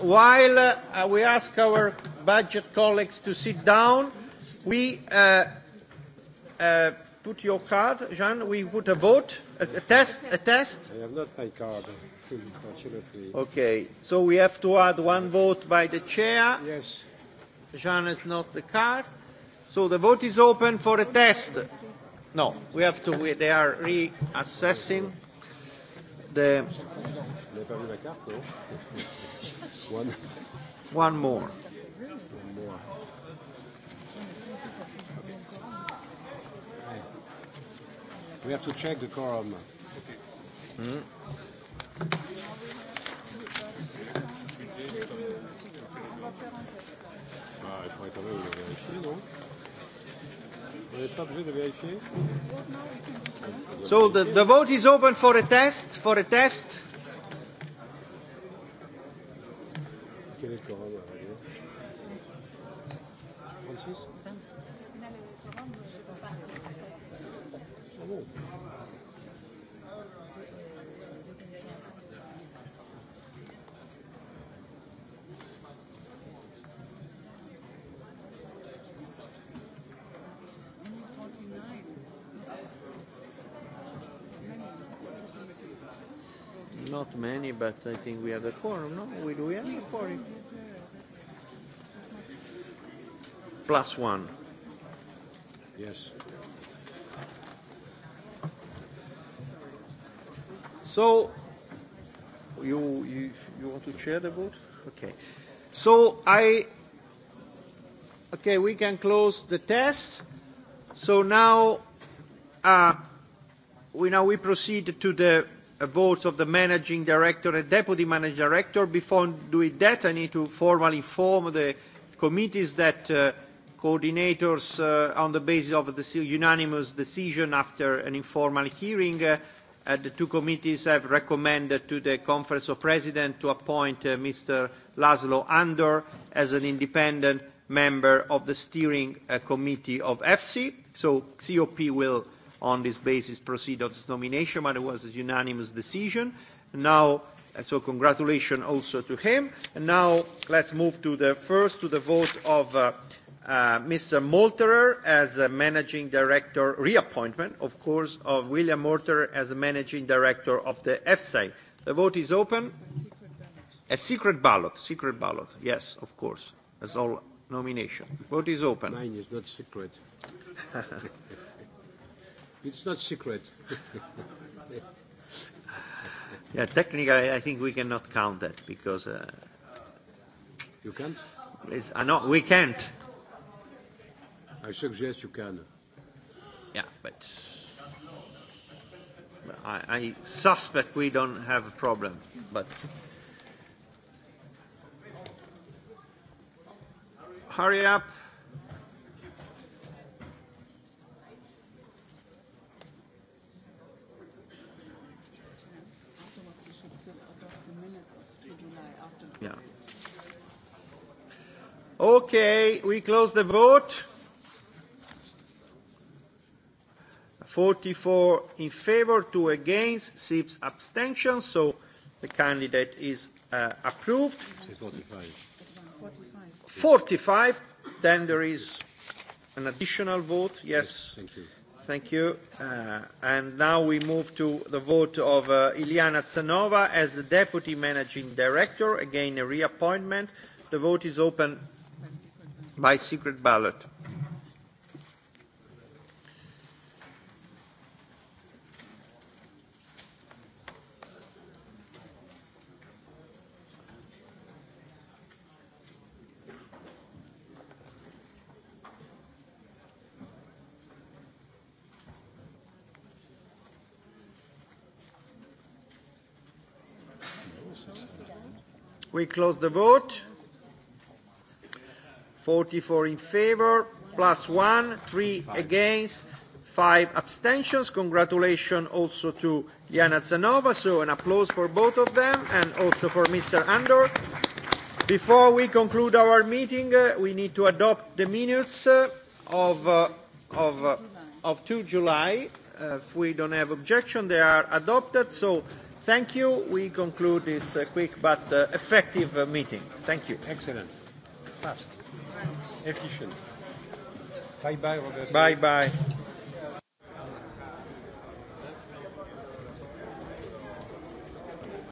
while uh, we ask our budget colleagues to sit down, we uh, uh, put your card, Jean. We put a vote, a, a test, a test. I have not my card, unfortunately. Okay, so we have to add one vote by the chair. Yes. Jean has not the card, so the vote is open for a test. No, we have to. We, they are reassessing the n'avez pas vu la carte, non One. One more. One more. We have to check the quorum. Mm. Ah, il faudrait quand même le vérifier, non Vous n'êtes pas obligé de vérifier So the, the vote is open for a test, for a test. quel est le quorum euh, 36 26. Ah bon not many, but I think we have a quorum, no? We do we have a quorum? Plus one. Yes. So, you, you, you want to chair the vote? Okay. So, I, okay, we can close the test. So now, uh, we now we proceed to the Uh, votes of the managing director and deputy managing director. Before doing that, I need to formally inform the committees that uh, coordinators, uh, on the basis of the unanimous decision after an informal hearing, uh, uh, the two committees have recommended to the Conference of Presidents to appoint uh, Mr. Laszlo Andor as an independent member of the steering uh, committee of EFSI. So COP will uh, on this basis proceed of its nomination, but it was a unanimous decision. Now, uh, so congratulations also to him. And now let's move to the first, to the vote of uh, uh, Mr. Molterer as a managing director reappointment, of course, of William Molterer as a managing director of the EFSA. The vote is open. A secret ballot, secret ballot, yes, of course, as all nomination. Vote is open. Mine is not secret. It's not secret. yeah, technically, I, I think we cannot count that because. Uh, you can't? It's, uh, no, we can't. I suggest you can. Yeah, but. I, I suspect we don't have a problem, but. Hurry up. Yeah. Okay, we close the vote. 44 in favor, 2 against, 6 abstentions, so the candidate is uh, approved. 45. 45. 45, then there is an additional vote. Yes. yes thank you. Thank you. Uh, and now we move to the vote of uh, Ilyana Tsanova as the Deputy Managing Director. Again, a reappointment. The vote is open by secret ballot. We close the vote. 44 in favor, plus one, three five. against, five abstentions. Congratulations also to Jana Zanova. So an applause for both of them and also for Mr. Andor. Before we conclude our meeting, uh, we need to adopt the minutes uh, of, uh, of, uh, of 2 July. Uh, if we don't have objection, they are adopted. So Thank you. We conclude this uh, quick but uh, effective uh, meeting. Thank you. Excellent. Fast. Efficient. Bye bye, Robert. Bye bye.